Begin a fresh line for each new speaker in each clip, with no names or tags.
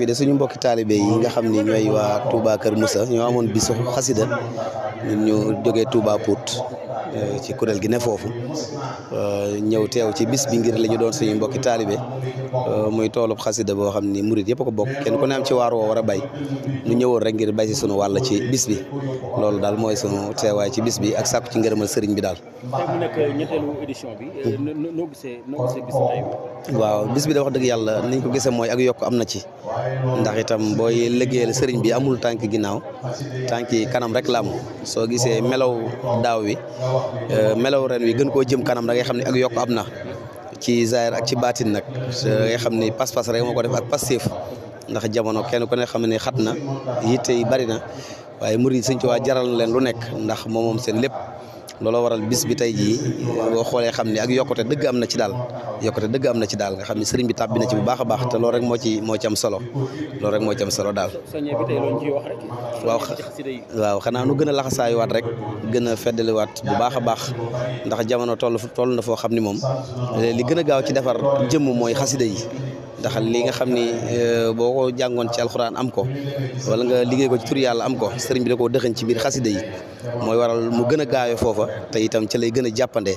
fii de suñu mbokki taalibe yi nga xam ni ñooy waa Touba Kër Moussa ñoo amoon bisu xasida ñun ñu jógee Touba Pout euh, ci kuréel gi ne foofu euh, ñëw teew ci bis bi ngir la ñu doon suñu mbokki taalibe euh, muy toolub xasida boo xam ni murit yëpp ko bokk kenn ko ne am ci waar woo war a bay ñu ñëwoon rek ngir bay si sunu wàll ci bis bi loolu daal mooy sunu teewaay ci bis bi ak sàkku ci ngërëmal sëriñ bi daal. mu nekk mm. bis bi tey. waaw bis bi de yàlla niñ ko gisee mooy ak yokk am na ci ndax itam booy liggéeyal sëriñ bi amul tànk ginnaaw tànk yi kanam rek la am soo gisee melaw daaw wi euh, melaw ren wi gën koo jëm kanam da ngay xam ne ak yokk am na ci zaahir ak ci baatin nag da xam ne pas-pas rek moo ko def ak pastéef ndax jamono kenn ku ne xam ne xat na yitte yi bari na waaye murid sëñ Tuubaa jaral na leen lu nekk ndax moom moom seen lépp looloo waral bis bi tey jii boo xoolee xam ne ak yokkute dëgg am na ci daal yokkute dëgg am na ci daal nga xam ne sëriñ bi tàbbi na ci bu baax a baax te loolu rek moo ci moo ci am solo loolu rek moo ci solo daal waaw xanaa nu gën a waat rek gën a feddaliwaat bu baax a baax ndax jamono tollu toll na foo xam ni moom li gën a gaaw ci defar jëmm mooy xasida yi ndax li nga xam ni euh, boo ko jàngoon ci alxuraan am ko wala nga liggéey ko ci tur yàlla am ko sëriñ bi da koo dëxëñ ci biir xasida yi mooy waral mu gën a gaawee foofa te itam ci lay gën a jàppandee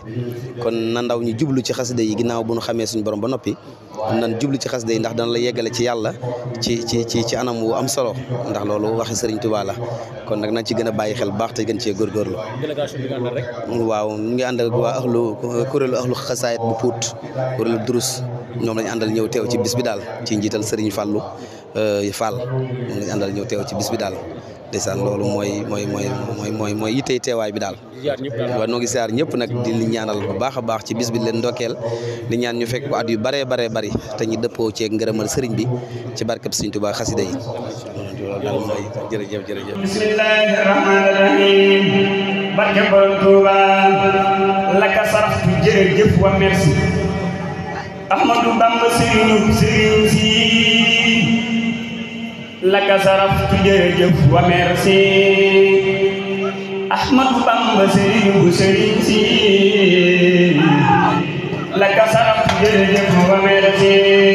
kon na ndaw ñu jublu ci xasida yi ginnaaw bu ñu xamee suñu borom ba noppi nan jublu ci xasida yi ndax dana la yeggale ci yàlla ci ci ci ci anam wu am solo ndax loolu waxi sëriñ Tuubaa la kon nag nañ ci gën bàyyi xel bu baax te gën cee góorgóorlu waaw ñu ngi ànd ak waa axlu kuréelu axlu xasaayit bu puut kuréelu durus ñom lañ andal ñew tew ci bis bi dal ci njital Serigne Fallou euh, Fall moom lañ andal ñew tew ci bis bi dal ndeysaan lolu moy moy moy moy moy moy yittey teewaay bi dal wa no ngi siyaar ñëpp nak di ñaanal bu baaxa baax ci bis bi leen ndokkeel di ñaan ñu fekk bu at yu bare bare bare te ñi dëppoo ci ngërëmal serigne bi ci barkab serigne touba khassida yi bismillahirrahmanirrahim jërëjëf bismillahi rahmani
rahim barke laka wa merci Ahmadou Bamba sëriñu sëriñ si laka saraftu jërëjëf wa merci Ahmadou Bamba sëriñu sëriñ si laka saraftu jërëjëf wa merci